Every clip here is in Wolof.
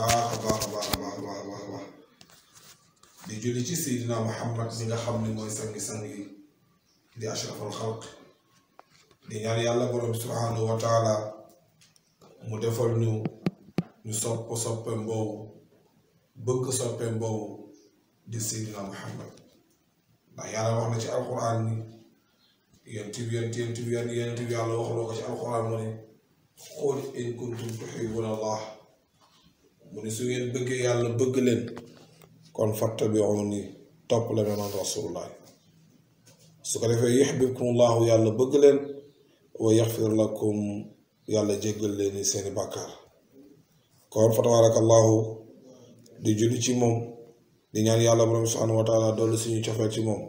baax a baax a baax a di julli ci Seydina Muhammad mi nga xam ne mooy sangi-sang yi di ashraful xalq di ñaan yàlla borom subhaanahu wa taala mu defal ñu ñu sopp soppeem boobu bëgg soppeem boobu di Seydina Muhammad ndax yàlla wax na ci alquran ni ti bi yonent yonent bi yonent bi yàlla waxloo ko ci alquran mu ne qul in kuntum tuhibbuna allah mu ne su ngeen bëggee yàlla bëgg leen kon fatta bi om ni topp la ma man su ko defee yuxbibkumullahu yàlla bëgg leen wa yaxfir lakum yàlla jéggal leen seeni bàkkaar kon fa tabarakallahu di julli ci moom di ñaan yàlla borom subhanahu wa taala dolli suñu cofeel ci moom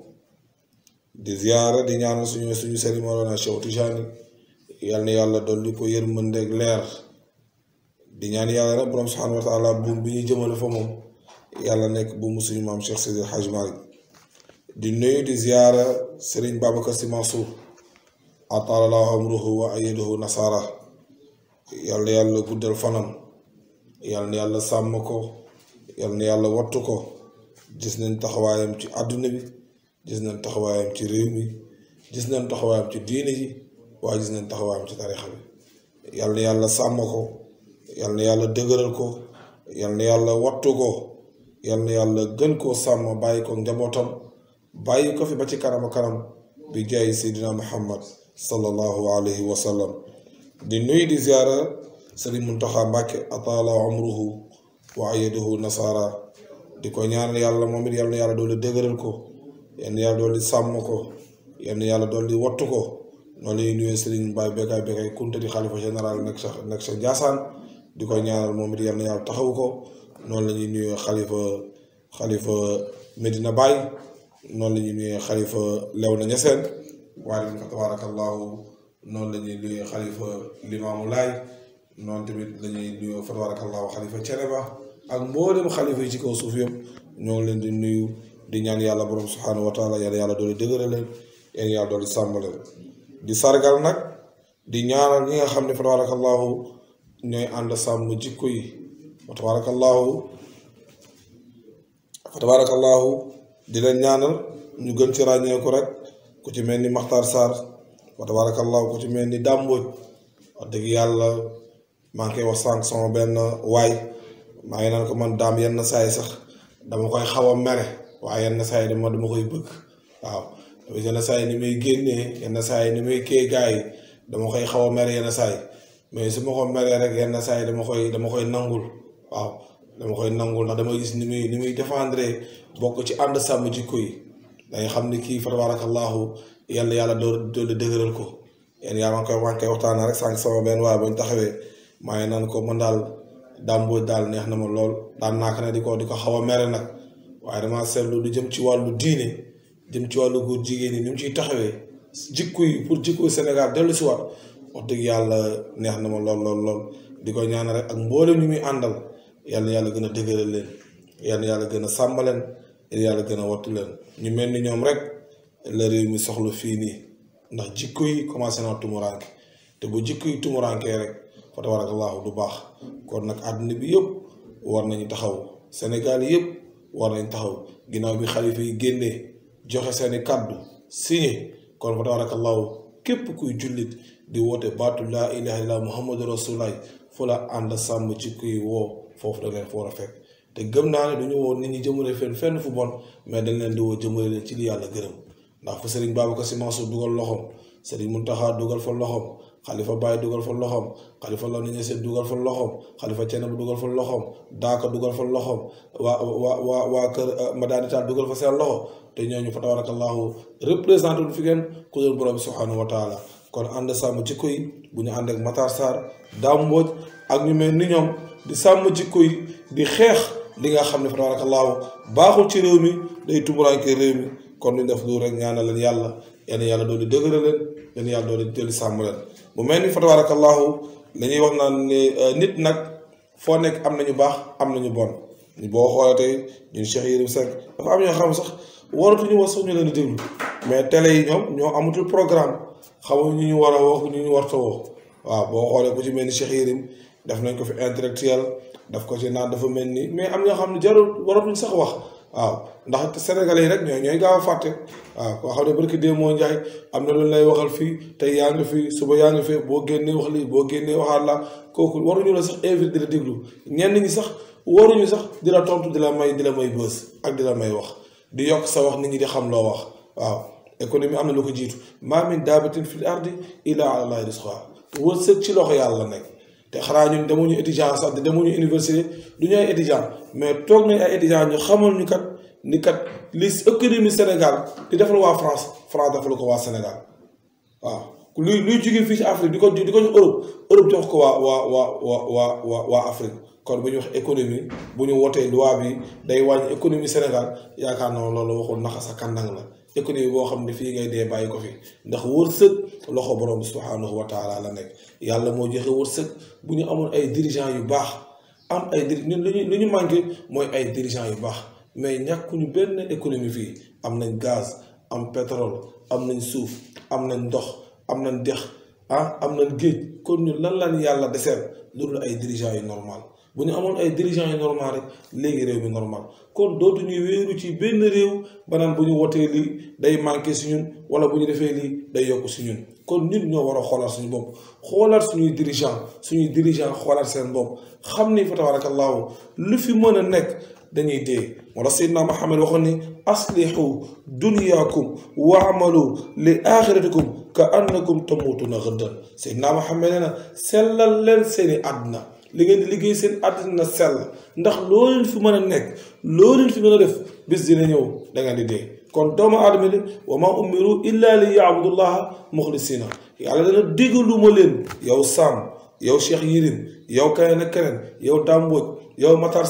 di ziyaara di ñaanal suñu suñu sëriñ Mawlana Cheikh Tijani yal na yàlla dolli ko yërmande ak leer di ñaan yàlla rek borom subhaanahu wa taala buur bi ñuy jëmale fa moom yàlla nekk bu mu suñu maam Cheikh Seydi Hadj Malick di nuyu di ziyaara Serigne Babacar Sy Mansour ataalallahu amruhu wa ayyadahu nasara yàlla na yàlla guddal fanam yàlla na yàlla sàmm ko yàlla na yàlla wattu ko gis nañ taxawaayam ci àdduna bi gis nañ taxawaayam ci réew mi gis nañ taxawaayam ci diine ji waaye gis nañ taxawaayam ci tarixa bi yàlla yàlla sàmm ko yal na yàlla dëgëral ko yal na yàlla wattu ko yal na yàlla gën koo sàmm bàyyi ko njabootam bàyyi ko fi ba ci kanam kanam bi jaay seydina muhammad sallallahu alayhi wa sallam di nuyu di ziara sëriñ muntaxa mbàkke atala umruhu wa ayadahu nasara di ko ñaan yàlla moom it yal na yàlla dooli dëgëral ko yal na yàlla dooli sàmm ko yal na yàlla dooli wattu ko noonu la ñuy nuyee sëriñ Baay Bekkaay Bekkaay Kunta di xalifa général nekk sa nekk sa Njaasaan di ko ñaanal moom it yal na yàlla taxawu ko noonu la ñuy nuyoo xalifa xalifa Medina Baye noonu la ñuy nuyoo xalifa Léona Niassène waaye dañ ko tabaarakallaahu noonu la ñuy nuyoo xalifa Limaamu Laay noonu tamit la ñuy nuyoo fa tabaarakallaahu xalifa Ceneba ak mboolem xalifa yi ci kaw suuf yëpp ñoo ngi leen di nuyu di ñaan yàlla borom subhaanahu wa taala yàlla yàlla doole dëgërale yéen yàlla doole di sargal nag di ñaanal ñi nga xam ne fa tabaarakallaahu ñooy ànd sàmm jikko yi wa tabarakallahu wa tabarakallahu di leen ñaanal ñu gën ci ràññeeku rek ku ci mel ni Makhtar Sarr wa tabarakallahu ku ci mel ni Dàmbooj wax dëgg yàlla maa ngi koy wax sànq sama benn waay maa ngi naan ko man daam yenn saay sax dama koy xaw a mere waaye yenn saay dama dama koy bëgg waaw yenn saay ni muy génnee yenn saay ni muy kee gaay dama koy xaw a mere yenn saay mais su ma ko meree rek yenn saa yi dama koy dama koy nangul waaw dama koy nangul ndax dama gis ni muy ni muy défendre bokk ci ànd sàmm jikko yi danga xam ne kii fa tabaarakallaahu yàlla yàlla doo doole dëgëral ko yéen yaa ngi koy wànkee waxtaan rek sànq sama benn waaye bañ taxawee maa ngi naan ko man daal daam dàmboo daal neex na ma lool daan naa ko di ko di ko xaw a mere nag waaye dama seetlu lu jëm ci wàllu diine jëm ci wàllu góor jigéen ñi ni mu ciy taxawee jikko yi pour jikko dellu si wax dëgg yàlla neex na ma lool lool lool di ko ñaana rek ak mboolem ñu muy àndal yal yàlla gën a dëgëral leen yal yàlla gën a sàmm leen yàlla gën a wattu leen ñu mel ni ñoom rek la réew mi soxla fii nii ndax jikko yi commencé naa tumuraanke te bu jikko yi tumuraankee rek fa tabarakallahu du baax kon nag àdduna bi yëpp war nañu taxaw Sénégal yëpp war nañ taxaw ginnaaw bi xalifa yi génnee joxe seeni kàddu signé kon fa tabarakallahu képp kuy jullit di woote baatu laa ilaha illallah muhammadu rasulaay fu la ànd sàmm ci kuy woo foofu da foo fa war a fekk te gëm naa ne duñu woo nit ñi jëmale fenn fenn fu bon mais dañ leen di woo jëmale leen ci li yàlla gërëm ndax fu Serigne Babacar Sy Mansour dugal loxoom Serigne Mountakha dugal fa loxoom Khalifa Baye dugal fa loxoom Khalifa Lone Niassène dugal fa loxoom Khalifa Thiénaba dugal fa loxoom Daaka dugal fa loxoom waa waa waa waa kër euh, Madani Tall dugal fa seen loxo te ñooñu fa tabarakallaahu représenté wu fi ngeen ku doon borom subhanahu wa kon ànd sàmm jikko yi bu ñu ànd ak Matar Sarr ak ñu mel ni ñoom di sàmm ci yi di xeex li nga xam ne fa tabaarakallaahu baaxul ci réew mi day tumuraanke réew mi kon ñu def lu rek ñaanal leen yàlla yenn yàlla doon di dëgëral leen yenn yàlla doon di dellu sàmm leen bu mel ni fa tabaarakallaahu la ñuy wax naan ne euh, nit nag foo nekk am na ñu baax am na nañu bon boo xoolee ñu ñun Cheikh Yérim Seck dafa am ñoo xam sax waratuñu wax sax ñu leen di déglu mais télé yi ñoom ñoo amatul programme xamuñ ñu ñu war a woo ñu ñu warta woo waaw boo xoolee ku ci mel ni Cheikh Yérim def nañ ko fi intellectuel daf ko ci naan dafa mel ni mais am ñoo xam ne jarul waratuñ sax wax waaw ndax sénégalais yi rek ñooy ñooy gaaw a fàtte waaw koo xam ne barki moo njaay am na loolu lay waxal fii tey yaa ngi fii suba yaa ngi fee boo génnee wax lii boo génnee waxaat la kooku waruñu la sax invité di la déglu ñenn ñi sax waruñu sax di la tontu di la may di la may bës ak di la may wax di yokk sa wax nit ñi di xam loo wax waaw économie am na lu ko jiitu maa min daabatin fil ardi illa ala llahi risqa wërsëg ci loxo yàlla nekk te xanaa ñun demuñu étudiant sax te demuñu université du ñu ay étudiant mais toog nañ ay étudiant ñu xamal ñu kat ni kat li économie Sénégal di defal waa France France defal ko waa Sénégal waaw luy luy jigéen fii ci Afrique di ko di ko jox Europe Europe jox ko waa waa waa waa waa waa Afrique kon bu ñu wax économie bu ñu wotee loi bi day wàññi économie Sénégal yaakaar na loolu waxul la économie boo xam ne fii ngay dee bàyyi ko fi ndax wërsëg loxo borom subhaanahu wa taala la nekk yàlla moo joxe wërsëg bu ñu amoon ay dirigeants yu baax am ay diri ñun lu ñu lu mooy ay dirigeants yu baax mais ñàkku ñu benn économie fii am nañ gaz am pétrole am nañ suuf am nañ dox am nañ dex ah am nañ géej kon ñun lan lañ yàlla deseel loolu ay dirigeants yu normal bu ñu amoon ay dirigeants yu normal rek léegi réew mi normal kon dootuñu wéeru ci benn réew ba bu ñu wootee lii day manqué si ñun wala bu ñu defee lii day yokk si ñun kon ñun ñoo war a xoolaat suñu bopp xoolaat suñuy dirigeants suñuy dirigeants xoolaat seen bopp xam ni fa tabarakallahu lu fi mën a nekk dañuy dee wala Seydina Muhammad waxoon ni aslihu dunyaakum waamalu li axiratikum ka annakum tamuutuna xëddan Seydina Muhammad nee na sellal leen seeni àdduna li ngeen liggéey seen àddina sell ndax loo leen fi mën a nekk loo leen fi mën a def bis dina ñëw da di dee kon doomu aadama li wa ma umiru illa li yaabudullaha muxlisina yàlla dana déggalu leen yow Sam yow Cheikh Yirim yow keneen ak keneen yow Dame yow Matar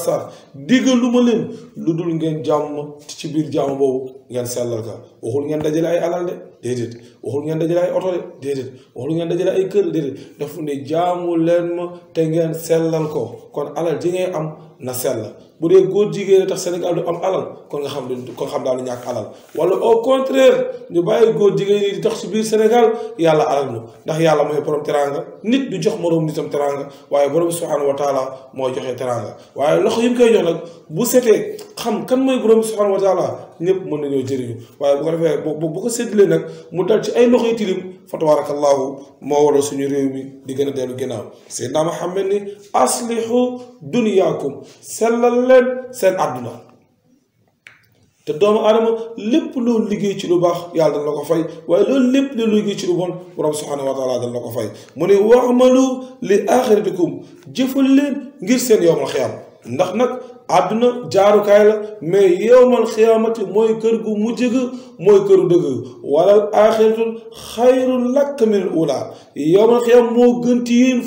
lu diggaluma leen lu dul ngeen jàmm ci biir jàmm boobu ngeen sellal ka waxul ngeen dajale ay alal de déedéet waxul ngeen dajale ay oto de déedéet waxul ngeen dajale ay kër déedéet fu ne jaamu leen ma te ngeen sellal ko kon alal ji ngeen am na sell bu dee góor jigéen tax Sénégal du am alal kon nga xam du kon xam daal ñàkk alal wala au contraire ñu bàyyi góor jigéen yi di tax si biir Sénégal yàlla alal ñu ndax yàlla mooy borom teranga nit du jox moroom nitam teranga waaye borom subhaanahu wa taala mooy joxe teranga waaye loxo yi mu koy jox nag bu setee xam kan mooy borom subhaanahu wa taala ñëpp mën nañoo jëriñu waaye bu ko defee bu bu ko séddalee nag mu dal ci ay loxo yu tilim fa tabarakallahu moo waral suñu réew mi di gën a dellu ginnaaw Seydina Muhammad ni aslihu dunyaakum sellal leen seen àdduna te doomu aadama lépp loolu liggéey ci lu baax yàlla dana la ko fay waaye loolu lépp loolu liggéey ci lu bon borom subhaanahu wa taala dana la ko fay mu ne waxmalu li axiratikum jëfal leen ngir seen yowmal xiyaam ndax nag àdduna jaarukaay la mais yowmal xiyaamati mooy kër gu mujj ga mooy këru dëgg walal axiratu xayrun lakk min ula yowmal xiyaam moo gën ci yéen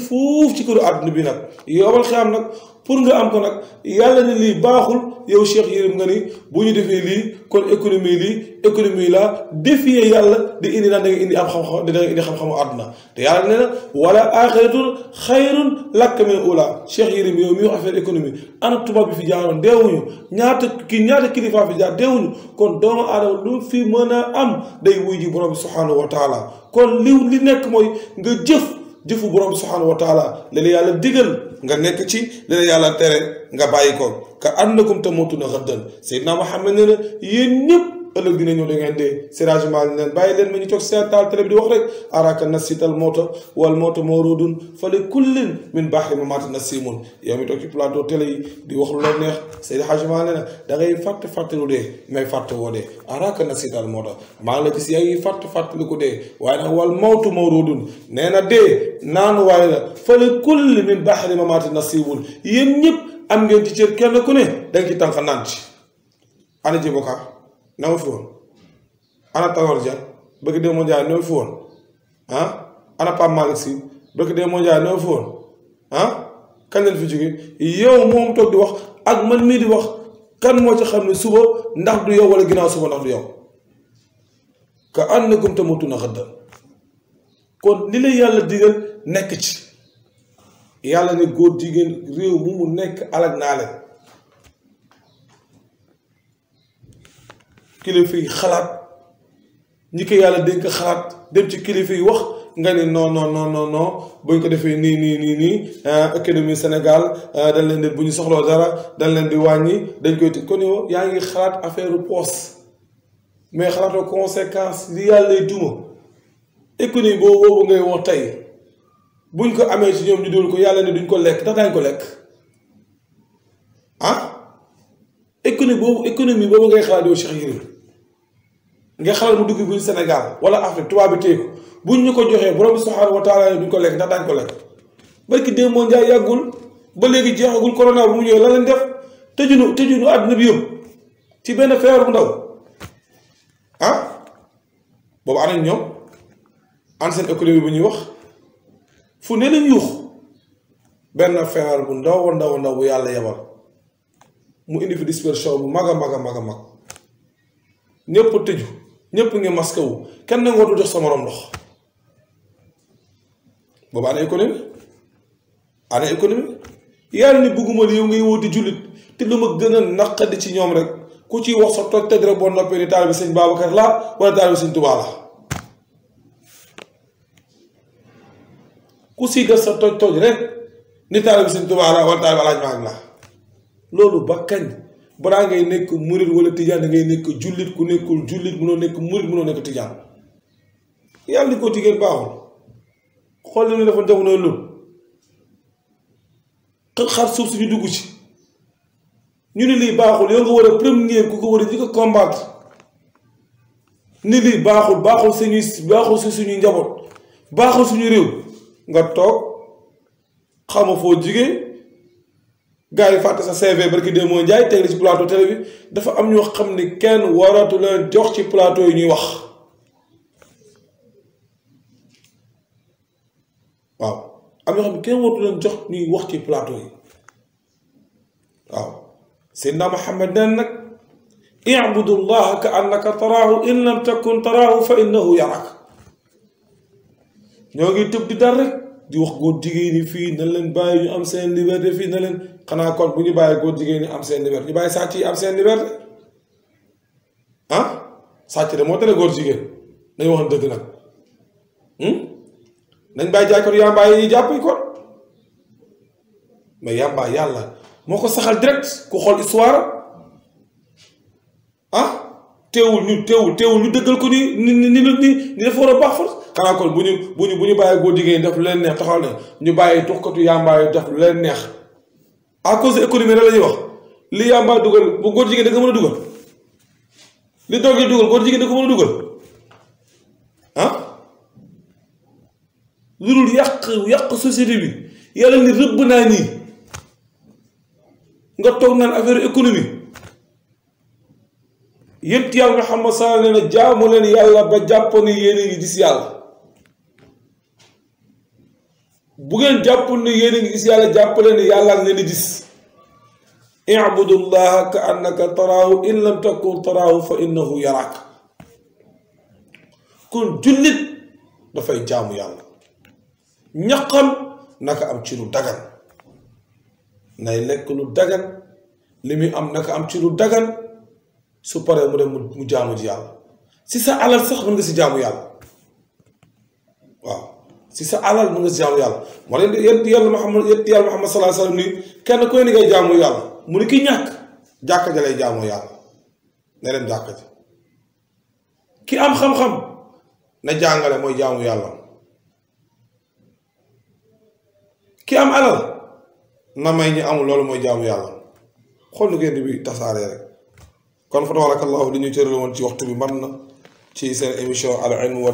ci këru àdduna bi nag yowmal xiyaam nag pour nga am ko nag yàlla ne lii baaxul yow Cheikh Yérim nga ni bu ñu defee lii kon économie lii économie laa défier yàlla di indi naan da indi am xam-xam da nga indi xam-xamu àdduna te yàlla ne na wala axiratul xayrun lakk min ula Cheikh Yérim yow mi wax affaire économie ana tubaab bi fi jaaroon deewuñu ñaata ki ñaata kilifa fi jaar deewuñu kon doomu aadama lu fi mën a am day wuy ji borom bi subhanahu kon li li nekk mooy nga jëf jëfu borom bi subhaanahu wa taala li la yàlla digal nga nekk ci li la yàlla tere nga bàyyi ko ka annakum tamuutuuna xaddan Seydina Muhammad ne na yéen ñëpp ëllëg dina ñëw da ngeen dee séragement leen bàyyi leen ma ñu toog seen taal télé bi di wax rek araka nasital mawta wal mawta mawrudun fa li kullin min baaxi ma maata nasimun yow mi toog ci plateau télé yi di wax lu la mais fàtte woo dee araka nasital maa la gis yaa ngi fàtte fàtte dee waaye nag wal mawtu nee na dee naan waaye la fa li ma maata nasimun yéen ñëpp am ngeen ci cër kenn ku ne da nga ci tànk naan ci ana ji na ma fi woon ana Tanor Dieng bëgg dee moo jaay fi woon ana Pape Malick bëgg dee moo jaay fi woon ah kañ lañ fi jóge yow moom toog di wax ak man mii di wax kan moo ci xam ne suba ndax du yow wala ginnaaw suba ndax du yow ka annakum tamutuuna xaddan kon li la yàlla digal nekk ci yàlla ne góor jigéen réew mu mu nekk alag naa leen kilifa yi xalaat ñi ko yàlla dénk xalaat dem ci kilifa yi wax nga ni non non non non non buñ ko defee nii nii nii nii eh, économie Sénégal eh, dañ leen di bu ñu soxloo dara dañ leen di wàññi dañ koy kon yow yaa ngi xalaat affaire poos mais xalaatoo conséquence li yàlla lay duma économie tey buñ ko amee ci ñoom ñu ko yàlla duñ ko lekk ndax daañ ko lekk ah économie boobu économie boobu ngay xalaat yow Cheikh Yérim nga xelal mu dugg ñu Sénégal wala Afrique tubaab bi téye ko buñ ñu ko joxee borom subhaanahu wa taala duñ ko lekk ndax daañu ko lekk barki démb moo njaay yàggul ba léegi jeexagul korona bu mu ñëwee la leen def tëjunu tëjunu àdduna bi yëpp ci benn feebar bu ndaw ah boobu anañ ñoom an seen économie bu ñuy wax fu ne lañ benn feebar bu ndaw ndaw ndaw bu yàlla yebal mu indi fi dispersion bu mag a mag a mag a tëju ñëpp ngi masqué wu kenn nangootu jox sa morom ndox boobu ana économie ana économie yàlla ni bëgguma yow ngay wóoti jullit te lu ma gën a naqadi ci ñoom rek ku ciy wax sa toj tëj rek boo noppee ni taalibe sëñ Babacar la wala taalibe sëñ Tuubaa la ku si def sa toj toj rek ni taalibe sëñ Tuubaa la wala la loolu ba kañ balaa ngay nekk murit wala tijaan da ngay nekk jullit ku nekkul jullit noo nekk murit munoo nekk tijaan yàlla koo ko jigéen baaxul xool li ñu defoon jamono yooyu loolu xar suuf si dugg ci ñu ne lii baaxul yow nga war a premier ku ko war a njëkk a combattre ni lii baaxul baaxul suñuy baaxul si suñuy njaboot baaxul suñu réew nga toog xama foo jigéen gars yi fàtte sa CV barki dee mooy njaay teg ci plateau télé bi dafa am ñoo xam ne kenn waratu leen jox ci plateau yi ñuy wax waaw am ñoo xam ne kenn jox ñuy wax ci plateau yi waaw seydna Muhammad neen nag ibudu llaha ka annaka taraahu in lam takun taraahu fa innahu yarak ñoo ngi tëb di dal rek di wax góor jigéen ñi fii na leen bàyyi ñu am seen liberté fii na leen xanaa kon bu ñu bàyyi góor jigéen ñi am seen liberté ñu bàyyi sàcc yi am seen liberté ah sàcc de moo tere góor jigéen nañu wax dëgg nag hmm? nañ bàyyi jaay kon yàmbaay yi jàpp yi kon mais yàmbaay yàlla moo ko saxal direct ku xool histoire ah teewul ñu teewul teewul ñu dëggal ko ni ni ni ni dafa war a baax force xanaa kon bu ñu bu ñu bu ñu bàyyi góor jigéen def lu leen neex taxaw ne ñu bàyyi tuxkatu yàmbaa yi def lu leen neex à cause économie rek la ñuy wax li yàmbaa dugal bu góor jigéen da ko mën a dugal li doog yi dugal góor jigéen da ko mën a dugal ah lu dul yàq yàq société bi yàlla ni rëbb naa ñii nga toog naan affaire économie yéen yàlla Muhammad sallallahu alayhi wa sallam jaamu leen yàlla ba jàpp ne yéen a ngi yàlla bu ngeen jàppul ni yéen a jàppale ni yàlla ngeen di gis ibudullaha ka annaka taraahu yàlla ñaqam naka am ci lu dagan nay lekk lu am naka am ci lu dagan su mu dem mu jaamu ji yàlla si sa alal sax mën nga si jaamu yàlla ci sa alal mu nga si jaamu yàlla moo leen yéen yàlla Muhammad yéen yàlla Muhammad salaa salaam kenn ku ne ngay jaamu yàlla mu ni ki ñàkk jàkka ja lay jaamoo yàlla ne leen jàkka ja ki am xam-xam na jàngale mooy jaamu yàlla ki am alal na may ñi amul loolu mooy jaamu yàlla xool nu ngeen bi tasaaree rek kon fa tabaarakallahu li ñu cërale woon ci waxtu bi man na ci seen émission al ilm wa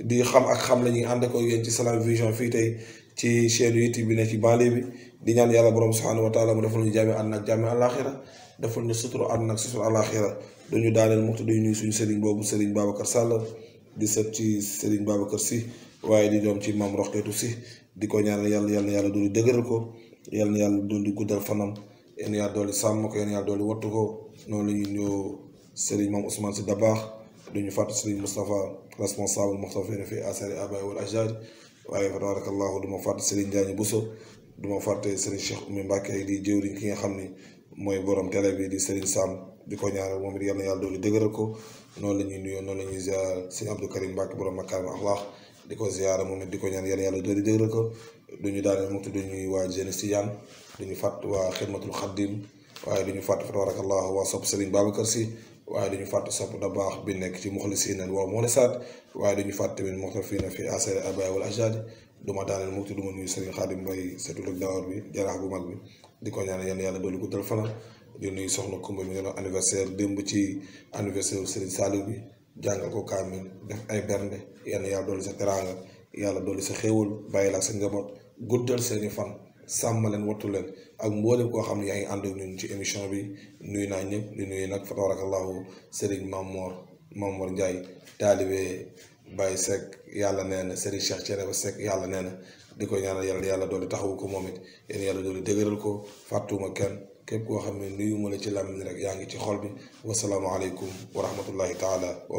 di xam ak xam la ñu ngi ànd ak yéen ci Salam Vision fii tey ci chaîne YouTube bi ne ci banlieue bi di ñaan yàlla borom subhanahu wa taala mu defal ñu jaami ànd ak jaami àllaaxira defal ñu suturu ànd ak suturu àllaaxira dañu daaneel muxtu dañu nuyu suñu sëriñ boobu sëriñ Babacar Sall di sët ci sëriñ Babacar si waaye di doom ci maam Roqeetu si di ko ñaan yàlla yàlla yàlla doon di dëgëral ko yàlla na yàlla doon di guddal fanam yéen doon di sàmm ko yéen yàlla doon di wattu ko noonu la ñuy nuyoo sëriñ maam Ousmane si Dabaax duñu fàtte sëriñ Moustapha responsable muxtafina fi asari abay wal ajdad waaye fa tabarakallahu du ma fàtte Serigne Diagne Bousso du ma fàtte Serigne Cheikh di jëwriñ ki nga xam ni mooy borom télé bi di Serigne Sam di ko ñaanal moom it yal na yàlla doolu dëgëral ko noonu la ñuy nuyoo noonu la ñuy ziar borom makarim axlaax di ko ziara moom it di ko ñaan yal na yàlla doolu dëgëral ko duñu daane mukk duñuy waa jeunesse Tidiane duñu fàtt waa xidmatul xaddim waaye duñu fàtt fa tabarakallahu waa sopp Serigne Babacar Sy waaye duñu fàtte sapp da baax bi nekk ci muxlisiina wal muxlisaat waaye duñu fàtte tamit muxtafiina fi asari abaay wal ajdad duma daaneel mukk duma nuyu Serigne Khadim Mbaye sa tulak daawar bi jaraax bu mag bi di ko ñaanal yéen yàlla dolli guddal fana di nuyu soxna Kumba mi doon anniversaire bi jàngal ko kaamil def ay bernde yéen yàlla dolli sa teraanga yàlla dolli sa xéewal bàyyi la ak sa njaboot guddal seeni fan sàmm leen wattu leen ak mboolem koo xam ne yaa ngi ànd ak ci émission bi nuyu naa ñëpp di nuyu nag fa tabarakallahu Serigne Mamor Mamor Ndiaye taalibe Baye Seck yàlla nee na Serigne cere ba Seck yàlla nee na di ko ñaanal yàlla yàlla doole taxawu ko moom it yéen yàlla ko fàttuma kenn képp koo xam ne nuyu ma la ci làmmiñ rek yaa ngi ci xool bi wasalaamaaleykum wa rahmatullahi taala wa